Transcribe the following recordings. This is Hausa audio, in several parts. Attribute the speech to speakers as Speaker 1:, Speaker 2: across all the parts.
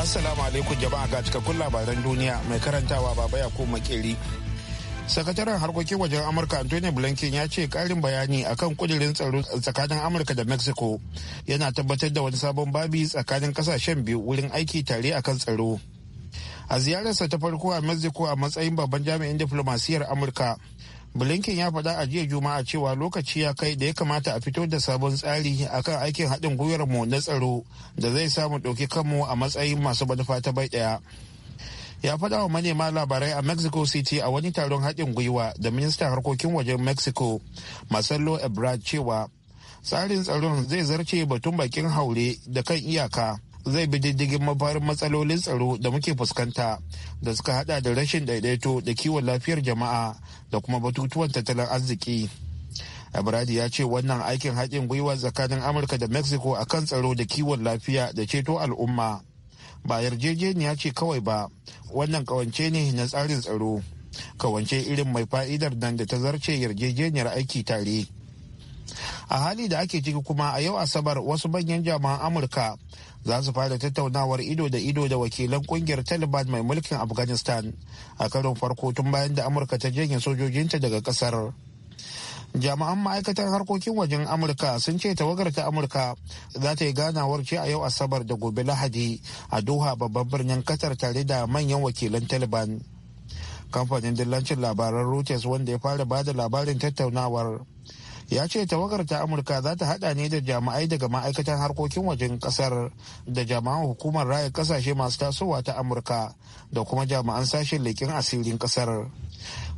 Speaker 1: Assalamu alaikum jama'a ga cikakkun labaran duniya mai karantawa baba ya ko makeri. Sakataren harkokin wajen Amurka Antonio Blinken ya ce karin bayani akan kudirin tsaro tsakanin Amurka da Mexico yana tabbatar da wani sabon babi tsakanin kasashen biyu wurin aiki tare akan tsaro. A ziyararsa ta farko a Mexico a matsayin babban jami'in diflomasiyyar Amurka, blinken ya faɗa a jiya juma'a cewa lokaci ya kai da ya kamata a fito da sabon tsari akan aikin haɗin gwiwar mu na tsaro da zai samu ɗauki kanmu a matsayin masu manufa ta bai ɗaya ya faɗa wa manema labarai a mexico city a wani taron haɗin gwiwa da ministan harkokin wajen mexico marcelo ebrard cewa tsarin tsaron zai zarce batun bakin haure da kan iyaka zai bi diddigin mafarin matsalolin tsaro da muke fuskanta da suka hada da rashin daidaito da kiwon lafiyar jama'a da kuma batutuwan tattalin arziki. Abradi ya ce wannan aikin haƙin gwiwa tsakanin Amurka da Mexico a kan tsaro da kiwon lafiya da ceto al'umma. Ba yarjejeniya ce kawai ba, wannan kawance ne na tsarin tsaro. Kawance irin mai fa'idar nan da ta zarce yarjejeniyar aiki tare. a hali da ake ciki kuma a yau asabar wasu manyan jami'an amurka za su fara tattaunawar ido da ido da wakilan kungiyar taliban mai mulkin afghanistan a karin farko tun bayan da amurka ta janye sojojinta daga kasar jami'an ma'aikatar harkokin wajen amurka sun ce tawagar ta amurka za ta yi ganawar ce a yau asabar da gobe lahadi a doha babban birnin katar tare da manyan wakilan taliban kamfanin dillancin labaran reuters wanda ya fara da labarin tattaunawar ya ce tawagar ta amurka za ta hada ne da jami'ai daga ma'aikatan harkokin wajen kasar da jami'an hukumar raya kasashe masu tasowa ta amurka da kuma jami'an sashen leƙen asirin kasar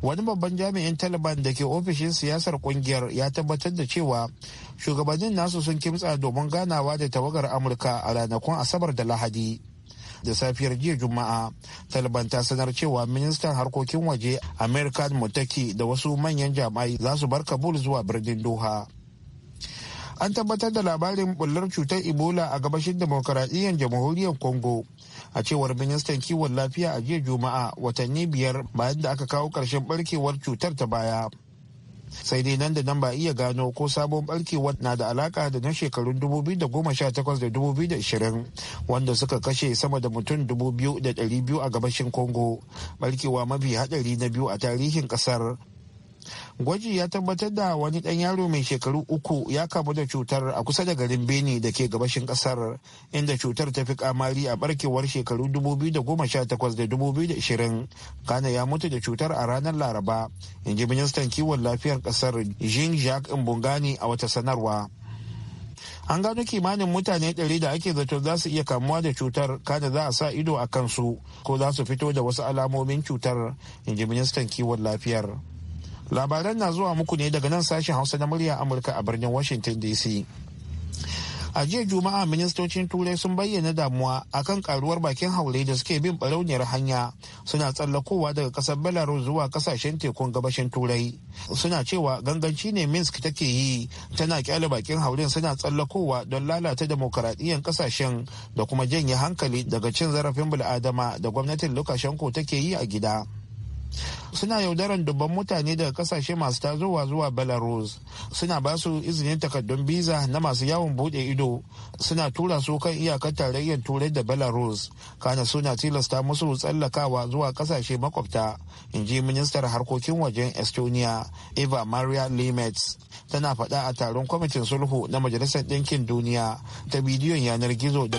Speaker 1: wani babban jami'in taliban da ke ofishin siyasar kungiyar ya tabbatar da cewa shugabannin nasu sun kimtsa domin ganawa da tawagar amurka a ranakun asabar da lahadi da safiyar jiya juma'a taliban ta sanar cewa ministan harkokin waje amir khan mutaki da wasu manyan jami'ai za su bar kabul zuwa birnin doha an tabbatar da labarin bullar cutar ebola a gabashin demokaradiyyar jamhuriyar congo a cewar ministan kiwon lafiya a jiya juma'a watanni biyar bayan da aka kawo ƙarshen barkewar cutar ta baya sai dai nan da nan ba iya gano ko sabon barkewar na da alaka da na shekarun 2018 da 2020 wanda suka kashe sama da mutum 2,200 a gabashin congo barkewa mafi hadari na biyu a tarihin kasar gwaji ya tabbatar da wani ɗan yaro mai shekaru uku ya kamu da cutar a kusa da garin beni da ke gabashin ƙasar inda cutar ta fi kamari a barkewar shekaru 2018 da 2020 kana ya mutu da cutar a ranar laraba in ji ministan kiwon lafiyar kasar jean jacques mbongani a wata sanarwa an gano kimanin mutane ɗari da ake zato za su iya kamuwa da cutar kada za a sa ido a kansu ko za su fito da wasu alamomin cutar in ji ministan kiwon lafiyar labaran na zuwa muku ne daga nan sashen hausa na murya amurka a birnin washington dc a jiya juma'a ministocin turai sun bayyana damuwa akan karuwar bakin haure da suke bin barauniyar hanya suna tsallakowa daga kasar belarus zuwa kasashen tekun gabashin turai suna cewa ganganci ne minsk take yi tana kyale bakin hauren suna tsallakowa don lalata demokaradiyyar kasashen da kuma janye hankali daga cin zarafin bil'adama da gwamnatin lukashenko take yi a gida suna yaudaran dubban mutane daga kasashe masu tazowa zuwa belarus suna ba su izinin takardun biza na masu yawon bude ido suna tura su kan iyakar tarayyar turai da belarus kana suna tilasta musu tsallakawa zuwa kasashe makwabta in ji ministar harkokin wajen estonia eva maria limets tana faɗa a taron kwamitin sulhu na majalisar ɗinkin duniya ta bidiyon yanar gizo da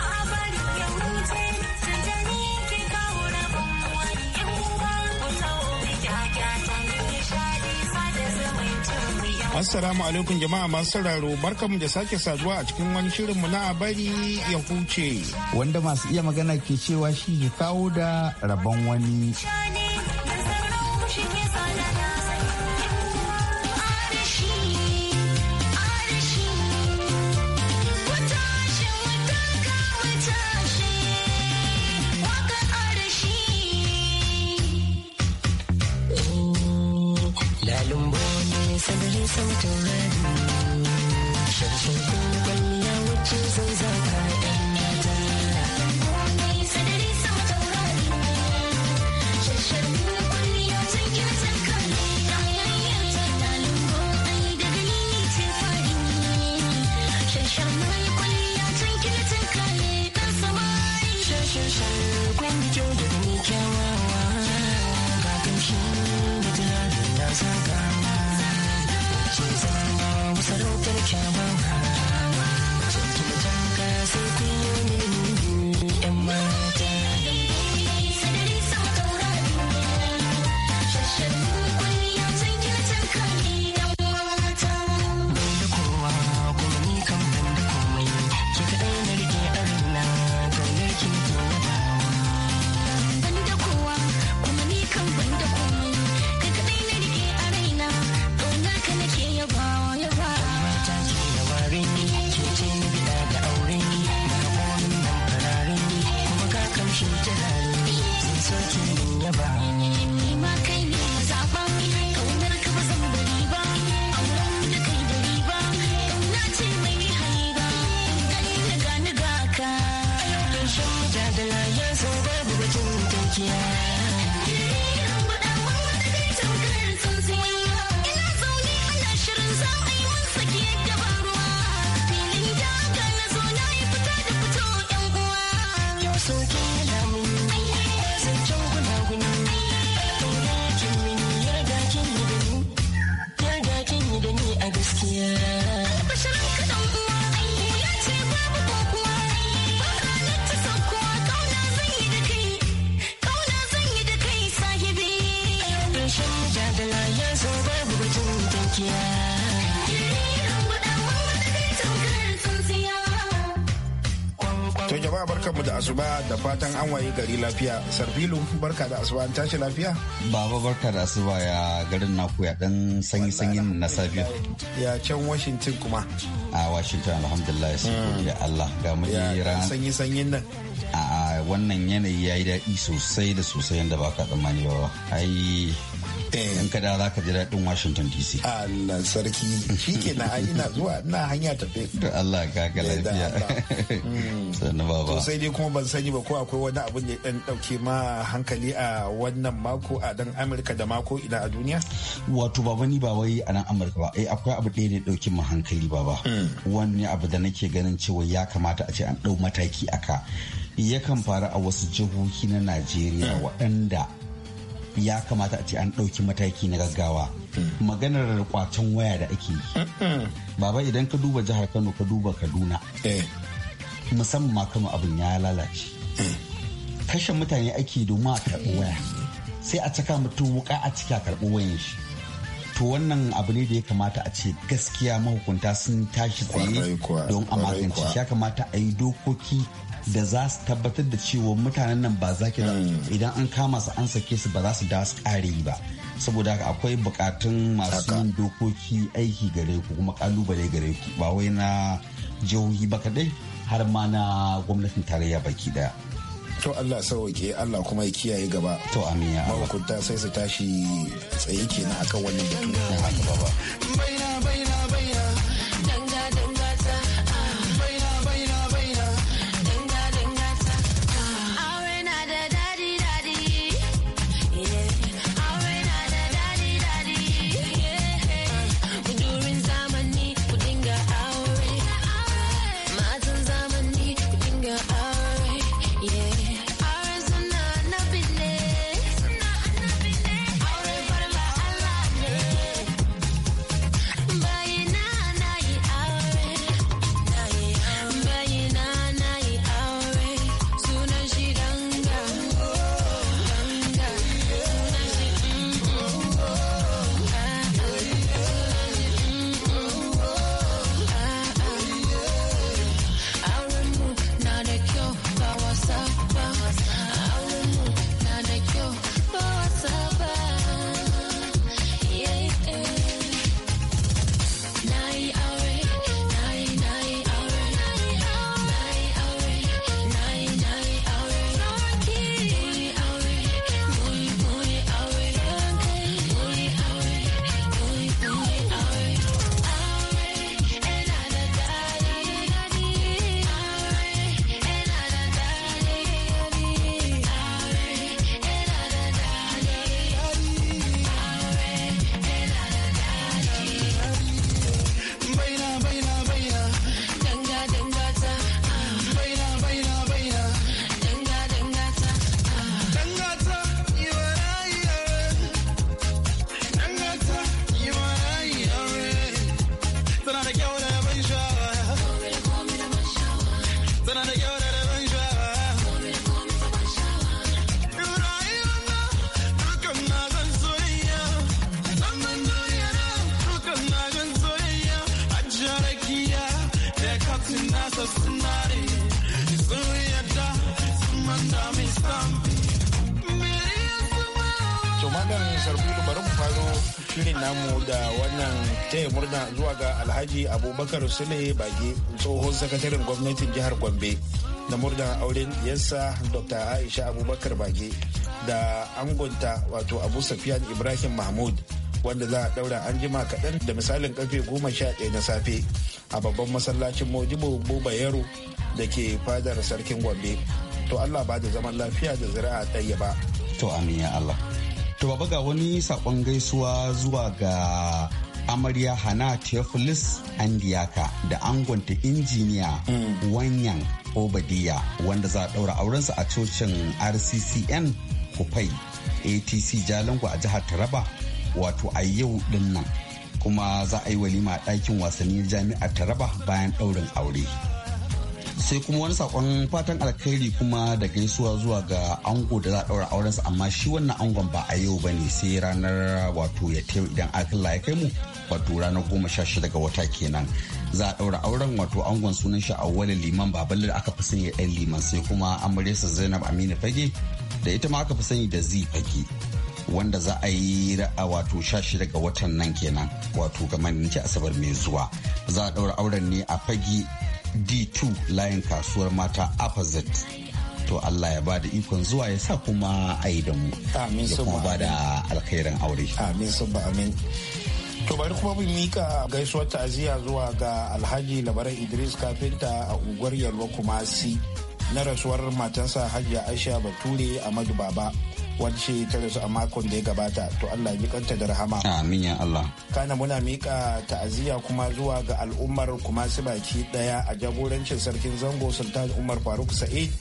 Speaker 1: Assalamu alaikum jama'a masu sauraro barkamu da sake saduwa a cikin wani shirinmu na bari ya huce. Wanda masu iya magana ke cewa
Speaker 2: shi kawo da rabon wani.
Speaker 3: said that he's so too
Speaker 1: jama'a barkanmu da asuba da fatan an waye gari lafiya. Sarfilu barka da asuba an tashi lafiya? Baba barka da asuba ya garin
Speaker 2: naku ya dan sanyi sanyin na safiya.
Speaker 1: Ya can Washington kuma.
Speaker 2: A Washington alhamdulillah sai hmm. godiya Allah ga mu ran sanyi sanyin nan. A wannan yanayi yayi daɗi sosai da sosai yanda baka tsammani ba. Ai Eh, in ka da za ka ji daɗin washington dc allah sarki shi ke na ina zuwa
Speaker 1: ina hanya tafe to
Speaker 2: allah ka ga lafiya hmm. sannan baba sai
Speaker 1: dai kuma ban sani ba ko akwai wani abin da ɗan ɗauke ma hankali a wannan mako a dan amurka da mako ina a duniya
Speaker 2: wato baba ni ba wai a nan amurka ba eh akwai abu ɗaya ne ɗauke ma hankali baba hmm. wani abu da nake ganin cewa ya kamata a ce an ɗau mataki aka yakan faru a wasu jihohi na najeriya hmm. waɗanda ya kamata a ce an ɗauki mataki na gaggawa maganar kwacen waya da ake yi baba idan ka duba jihar kano ka duba kaduna eh. musamman ma kama abin ya lalace eh. kashe mutane ake domin a karɓi waya sai a caka mutum wuka a ciki a karɓi wayan shi to wannan abu ne da ya kamata a ce gaskiya mahukunta sun tashi tsaye don a magance ya kamata a yi dokoki da za su tabbatar da cewa mutanen nan ba za ki hmm. idan an kama su an sake su ba za su dawo su kare yi ba saboda haka akwai bukatun masu yin dokoki aiki gare ku kuma kalubale gare ku ba wai na jihohi ba kadai har ma na gwamnatin tarayya baki daya
Speaker 1: to Allah sauke Allah kuma ya kiyaye gaba to amin ya Allah sai su tashi tsaye kenan akan wannan batu haka ba ba
Speaker 3: baina baina baina
Speaker 1: namu da wannan taya murna zuwa ga alhaji abubakar sule bage tsohon sakataren gwamnatin jihar gombe da murna auren yansa dr aisha abubakar bage da angonta wato abu safiyan ibrahim mahmud wanda za a daura an jima kaɗan da misalin karfe goma sha ɗaya na safe a babban masallacin mojibo buba yaro da ke fadar sarkin gombe to allah ba da zaman lafiya da zira'a ɗaya ba
Speaker 2: to amin ya allah To baba ga wani sakon gaisuwa zuwa ga amarya hana Theophilus Andiyaka da angonta injiniya mm. wanyan Obadiya wanda za a ɗaura aurensa a cocin RCCN Kufai ATC Jalango a jihar Taraba wato a yau din kuma za a yi walima a ɗakin wasannin jami'ar Taraba bayan ɗaurin aure. sai kuma wani sakon fatan alkhairi kuma da gaisuwa zuwa ga ango da za a daura sa amma shi wannan angon ba a yau ne sai ranar wato ya taimu idan akalla ya kai mu wato ranar goma sha shida ga wata kenan za a daura auren wato angon sunan shi a liman baballe da aka fi sani ɗan liman sai kuma amaryarsa zainab aminu fage da ita ma aka fi sani da zi fage wanda za a yi ra'a wato sha shida ga watan nan kenan wato ga ce asabar mai zuwa za a daura auren ne a fage d2 layin kasuwar mata opposite to Allah ya bada ikon
Speaker 1: zuwa ya sa kuma
Speaker 2: a yi da mu ya kuma bada alkhairin
Speaker 1: aure amin ba amin to bari kuma mu mika gaisuwar ta'aziyya zuwa ga alhaji labaran idris kafinta a unguwar yalwa kumasi na rasuwar matarsa hajiya aisha bature Ahmadu baba wacce ta rasu a makon da ya gabata to Allah ya kanta da rahama amin ya Allah kana muna mika ta'aziyya kuma zuwa ga al'ummar kuma su baki daya a jagorancin sarkin zango sultan Umar Faruk Sa'id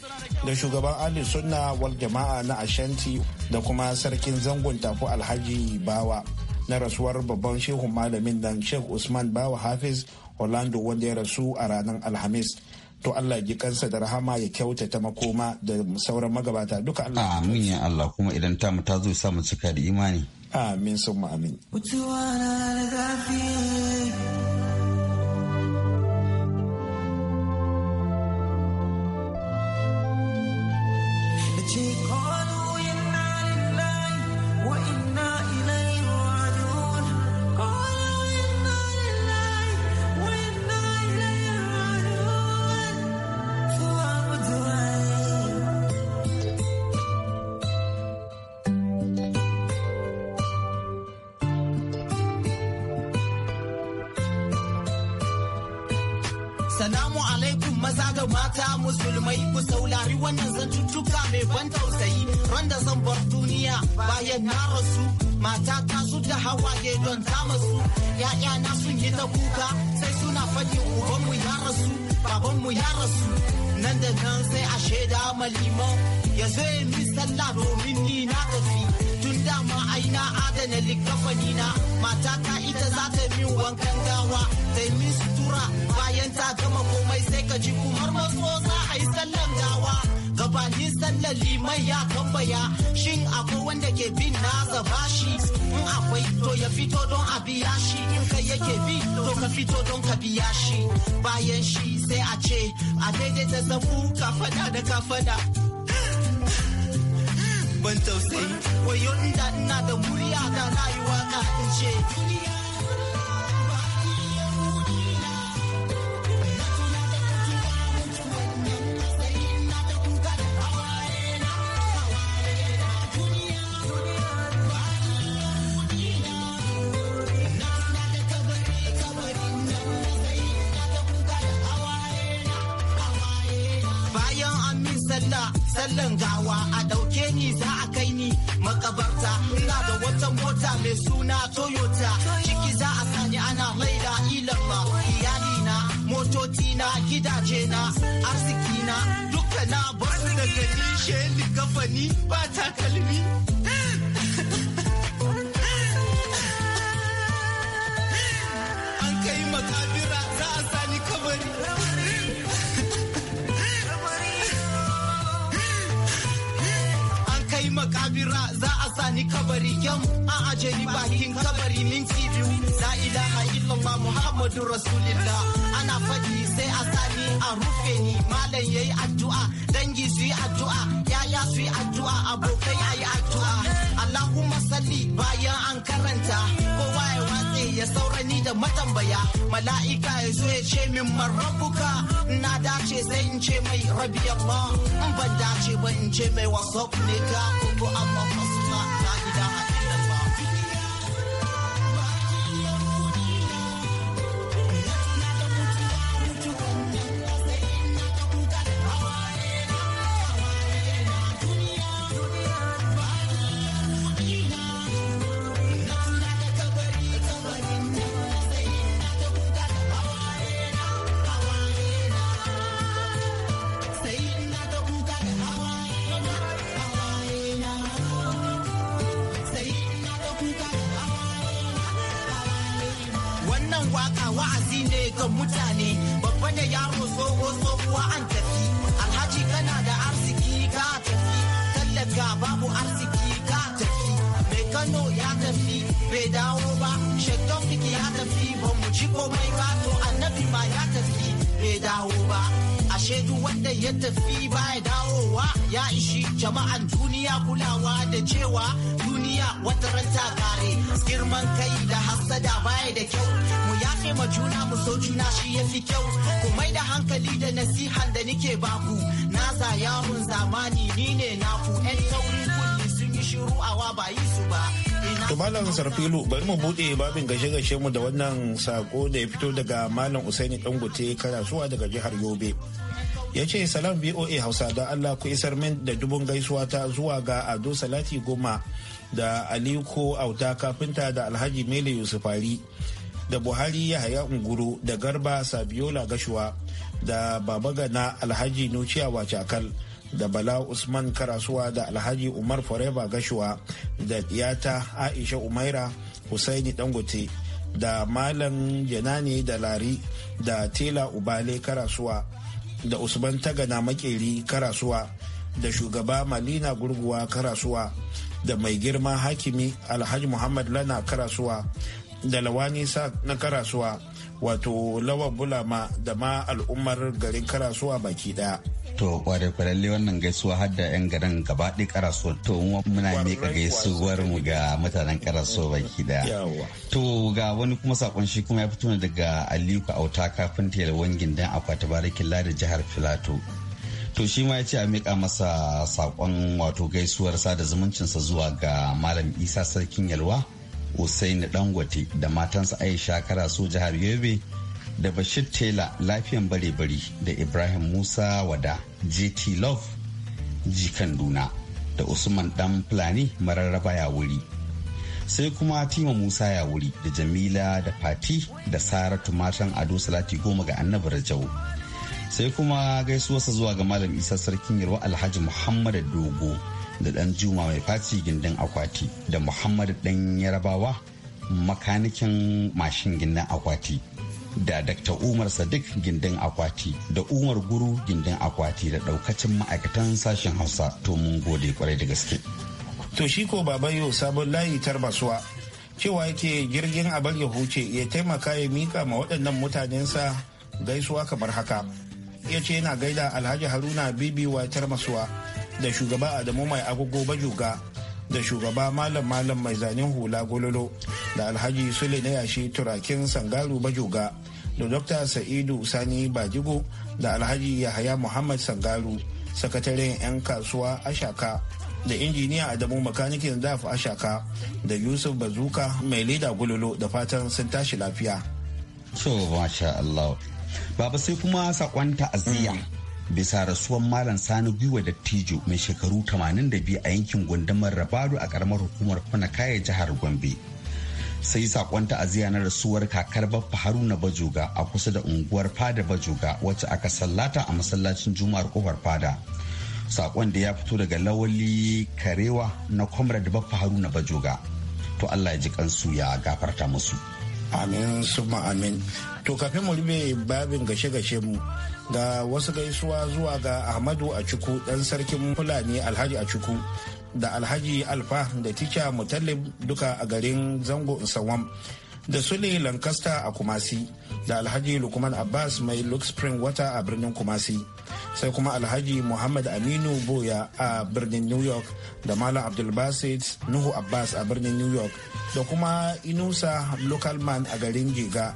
Speaker 1: da shugaban Ali Sunna wal jama'a na Ashanti da kuma sarkin zangon tafu Alhaji Bawa na rasuwar babban shehun malamin dan Sheikh Usman Bawa Hafiz Orlando wanda ya rasu a ranar Alhamis to Allah ya kansa da rahama ya kyautata makoma da sauran magabata duka Allah
Speaker 2: amin ya Allah kuma idan ta mu ta zo sa mu cika da imani amin sun mu amin
Speaker 3: mata musulmai ku saulari wannan zantuttuka mai ban tausayi randa zan bar duniya bayan na rasu mata ta su da hawaye don ta masu ya'ya na sun yi ta kuka sai suna faɗi ubanmu ya rasu babanmu ya rasu nan da nan sai a shaida maliman ya zo ya mi sallah domin ni na tafi tun dama ai na adana likafani na mata ta ita za ta min wankan gawa ta yi min sutura bayan ta gama komai sai ka ji kuma zo za a yi sallan gawa ni sallan liman ya tambaya shin akwai wanda ke bin nasa shi in akwai to ya fito don a biya shi in kai yake bi to ka fito don ka biya shi bayan shi sai a ce a daidaita zafu ka fada da ka fada ban tausayi wayo inda ina da murya da rayuwa ka in ce sallan gawa a ɗauke ni za a kai ni makabarta ina da wata mota mai suna toyota ciki za a sani ana laida ilan iyali na motoci na gidaje na arziki na duka na basu daga ni sheli kafani ba takalmi kabira za a sani kabari yam a aje bakin kabari minti biyu la ilaha illallah muhammadu rasulillah ana faɗi sai a sani a rufe ni malam yayi addu'a dangi su yi addu'a yaya su yi addu'a abokai ayi addu'a allahumma salli bayan an karanta kowa ya ya saurani ni da matambaya mala'ika ya zo ya ce min marabuka na dace sai in ce mai rabi Allah in ban dace ba in ce mai wasu ne ga kuku amma dukkan mutane babba da yaro tsoho tsohuwa an tafi alhaji kana da arziki ka tafi tallaga babu arziki ka tafi mai kano ya tafi bai dawo ba shaddon ya tafi ba mu ji komai ba to annabi ma ya tafi bai dawo ba ashe duk wanda ya tafi ba ya dawo ya ishi jama'an duniya kulawa da cewa duniya wata ranta kare girman kai da hasada baya da kyau mu yafe ma juna mu so juna shi ya fi kyau ku mai da hankali da nasihan da nike baku na za yawon zamani ni ne na ku yan tauri kulli sun yi shiru awa ba yi su ba
Speaker 1: To Malam Sarfilu bari mu bude babin gashe-gashe mu da wannan sako da ya fito daga Malam Usaini Dangote suwa daga jihar Yobe. ya ce salam voa hausa da allah ku isar min da dubun gaisuwa ta zuwa ga ado salati goma da aliko auta kafinta da alhaji mele yusufari da buhari yahaya unguru da garba sabiola gashuwa da baba gana alhaji nuciya wacakal da bala usman karasuwa da alhaji umar forever gashuwa da yata aisha umaira husaini dangote da malam janani da lari da tela ubale karasuwa da usman tagana makeri karasuwa da shugaba malina gurguwa karasuwa da mai girma hakimi alhaji muhammad lana karasuwa da lawani sa na karasuwa wato lawan bulama da ma al'ummar garin karasuwa baki daya
Speaker 2: To kware kwaralle wannan gaisuwa har da 'yan garin gabaɗi karaso to muna miƙa gaisuwar mu ga mutanen karaso baki daya. To ga wani kuma sakon shi kuma ya fito ne daga aliko Auta kafin wangin gindan akwati barikin da jihar Filato. To shi ma ya ce a miƙa masa sakon wato gaisuwar sada zumuncinsa zuwa ga Malam Isa Sarkin Yalwa, Usaini Dangote da matansa Aisha Karaso jihar Yobe. da bashir tela lafiyan bare-bari da ibrahim musa wada jt love jikan duna da usman dan fulani mararraba ya wuri sai kuma tima musa ya wuri da jamila da fati da saratu matan ado salati goma ga annabi rajau sai kuma gaisuwarsa zuwa ga malam isa sarkin yarwa alhaji muhammad dogo da dan juma mai faci gindin akwati da muhammad dan yarabawa makanikin mashin gindin akwati da Dr. Umar Sadiq gindin akwati da Umar Guru gindin akwati da daukacin ma'aikatan sashen Hausa to mun gode kwarai
Speaker 1: da gaske. To shi ko babayo sabon layi tarbasuwa cewa yake jirgin abar ya huce ya taimaka ya mika ma waɗannan mutanensa gaisuwa kamar haka. Ya ce yana gaida Alhaji Haruna Bibi wa tarbasuwa da shugaba Adamu mai agogo bajuga da shugaba malam malam mai zanen hula gololo da alhaji sule na yashi turakin sangaru bajoga da dr sa'idu sani bajigo da alhaji yahaya muhammad sangaru sakataren 'yan kasuwa ashaka da injiniya adamu makanikin zaf ashaka da yusuf bazuka mai leda gololo da fatan sun tashi lafiya. so masha allah baba sai kuma
Speaker 2: sakon ta'aziyya mm. bisa rasuwan malam sani gwiwa da tijo mai shekaru 82 a yankin gundumar rabado a karamar hukumar funakaya jihar gombe sai sakon ta'aziyya na rasuwar kakar baffa haruna bajoga a kusa da unguwar fada bajoga wacce aka sallata a masallacin juma'ar kofar fada sakon da ya fito daga lawali karewa na comrade baffa haruna bajoga to allah ya ji kansu ya gafarta
Speaker 1: musu amin suma amin to kafin mu rube babin gashe-gashe mu ga wasu gaisuwa zuwa ga ahmadu a cuku dan sarkin fulani alhaji a cuku da alhaji alfa da tica mutallib duka a garin zango nsawam da sule lancaster a kumasi da alhaji lukman abbas mai luke spring water a birnin kumasi sai kuma alhaji muhammad aminu boya a birnin new york da malam abdulbasit nuhu abbas a birnin new york da kuma inusa local man a garin giga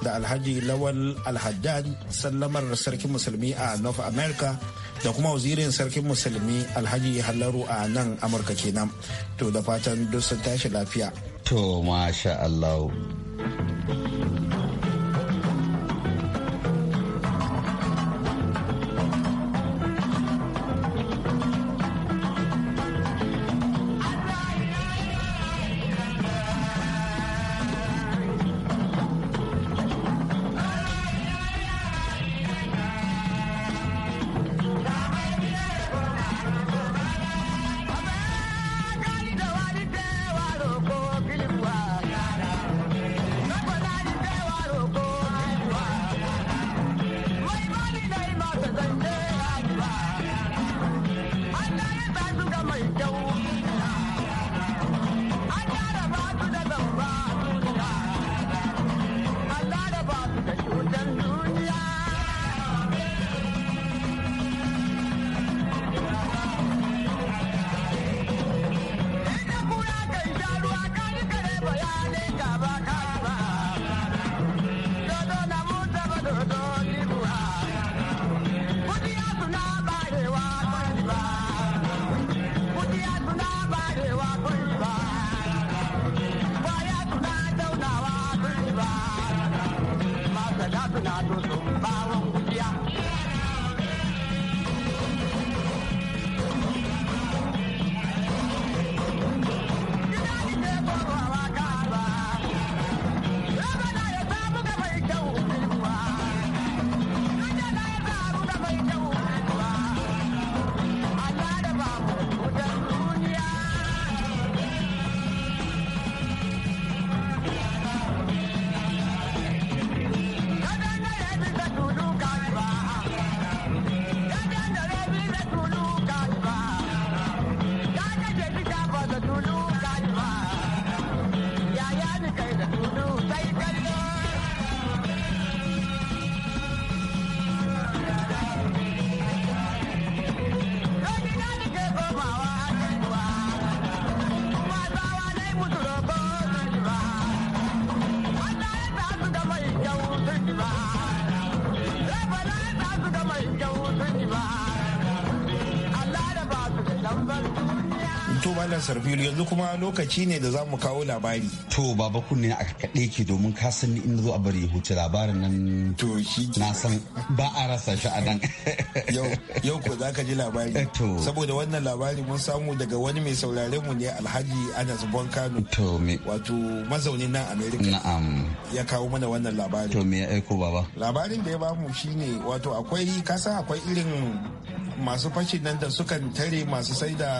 Speaker 1: da alhaji lawal alhaddad sallamar sarkin musulmi a north america da kuma wazirin sarkin musulmi alhaji halaru a nan amurka kenan to da fatan duk sun tashi lafiya
Speaker 2: to masha allah
Speaker 1: sarfilu yanzu kuma lokaci ne da za mu kawo labari to baba kunne a
Speaker 2: kaɗe ke domin ka san inda zo a bari huce labarin nan to shi na san
Speaker 1: ba a rasa shi a nan yau ko za ka ji labari eh, saboda wannan labari mun samu daga wani mai saurare mu ne alhaji anas bonkano to me wato mazaunin nan Amerika. na'am ya kawo mana wannan labari to me ya aiko baba labarin da ya bamu shine wato akwai kasa akwai irin masu fashi nan da sukan tare masu sai da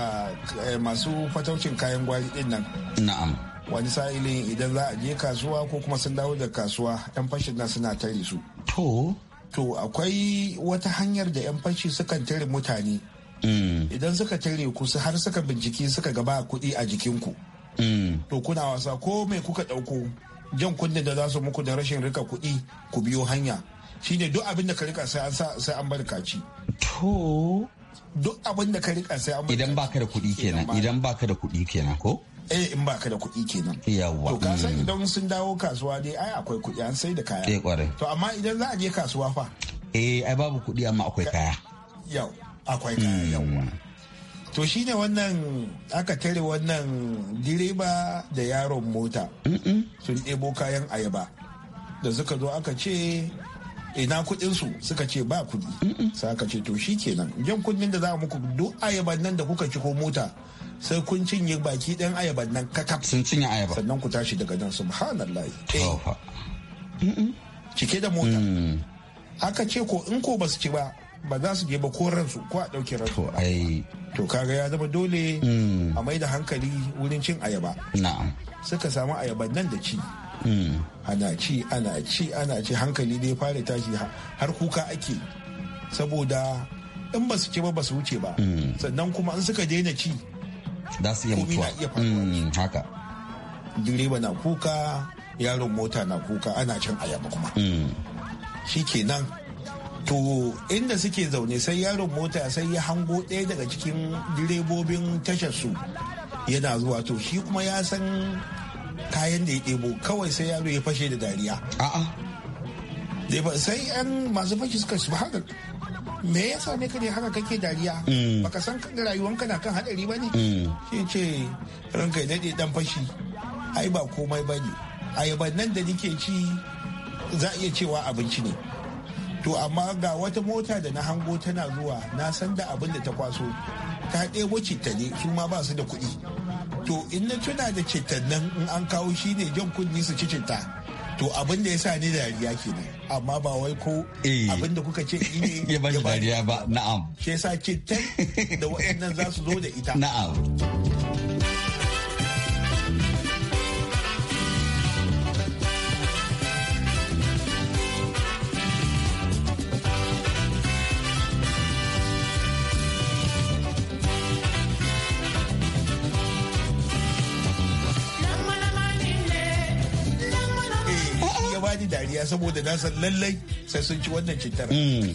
Speaker 1: eh, masu fataucin kayan gwari din nan na'am wani sa'ilin idan za a je kasuwa ko kuma sun dawo da kasuwa yan fashin nan suna tare su to to akwai wata hanyar da yan fashi sukan tare mutane mm. idan suka tare ku har suka bincike suka gaba kuɗi a jikinku mm. to kuna wasa ko mai kuka ɗauko jan kunne da za su muku da rashin rika kuɗi ku biyo hanya shine duk abin da ka rika sai an bar kaci to duk abin da ka rika sai amurka idan baka da kuɗi
Speaker 2: kenan idan baka da kuɗi kenan ko
Speaker 1: eh in baka da kuɗi kenan
Speaker 2: yawwa to ka san mm.
Speaker 1: idan sun dawo kasuwa dai ai akwai kuɗi an sai da kaya eh kware to amma idan za a je kasuwa fa eh ai babu kuɗi amma akwai kaya yau akwai kaya mm. yawwa to shine wannan aka tare wannan direba da yaron mota sun ɗebo kayan ayaba da suka zo aka ce ina kuɗin su suka ce ba kuɗi saka ce to shi kenan jan kudin da za muku duk ayaban nan da kuka ci ko mota sai kun cinye baki dan ayaban nan kakaf sun cinye ayaba sannan ku tashi daga nan subhanallah eh, cike da mota mm. aka ce ko in ko basu ci ba ba za su je ba ko ransu ko a ɗauke ransu. To ai. To kaga ya zama dole mm. a mai da hankali wurin cin ayaba. Na'am. Suka samu ayaban nan da ci. ana ci ana ci ana ci hankali dai fara tashi har kuka ake saboda in ba su ci ba ba su wuce ba mm. sannan kuma in suka daina ci za su iya mutuwa mm, haka direba na kuka yaron mota na kuka ana cin ayaba kuma mm. shi nan to inda suke zaune sai yaron mota sai ya hango ɗaya daga cikin direbobin tashar su yana zuwa to shi kuma ya san kayan da ya ɗebo kawai sai yaro ya fashe da dariya sai yan masu fashi suka shi haka me yasa ne haka kake dariya mm. baka san kan rayuwanka na kan hadari ba ne mm. shi ce ranka ya daɗe dan fashi ai ba komai ba ne nan da nike ci za a iya cewa abinci ne to amma ga wata mota da na hango tana zuwa na san da abin da ta kwaso ta ɗebo ne su ma ba su da kuɗi to in na tuna da cittan nan in an kawo shi ne jan kunni su ci citta to abin da ya sa ni dariya ne amma ba wai ko eh, abin da kuka ce ne ya dariya
Speaker 2: ba na'am
Speaker 1: shi yasa cittan da waɗannan za su zo da ita na'am saboda na san lallai sai sun ci wannan cutar. Mm.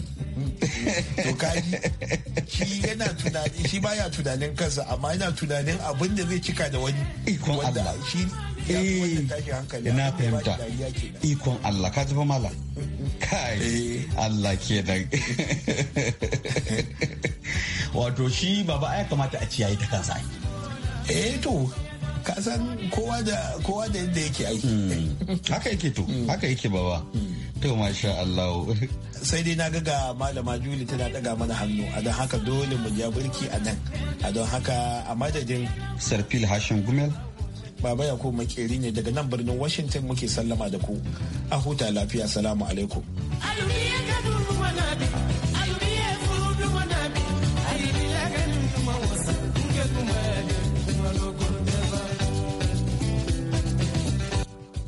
Speaker 1: To kaji shi yana tunani shi baya tunanin kansa amma yana tunanin abin da zai cika da wani. Ikon Allah. Shi eh, na fahimta
Speaker 2: ikon Allah ka zuba mala kai eh. Allah ke nan wato shi baba ya kamata a ciyayi ta kansa eh to Kasan kowa da kowa da yadda yake aiki hmm.
Speaker 1: haka yake to hmm. haka yake baba hmm. to masha Allah sai dai na ga malama Juli tana daga mana hannu a don haka dole mu ja burki a nan a don haka a madadin Sarfil Hashim Gumel Baba Yakubu makeri ne daga nan birnin Washington muke sallama da ku a huta lafiya salamu alaikum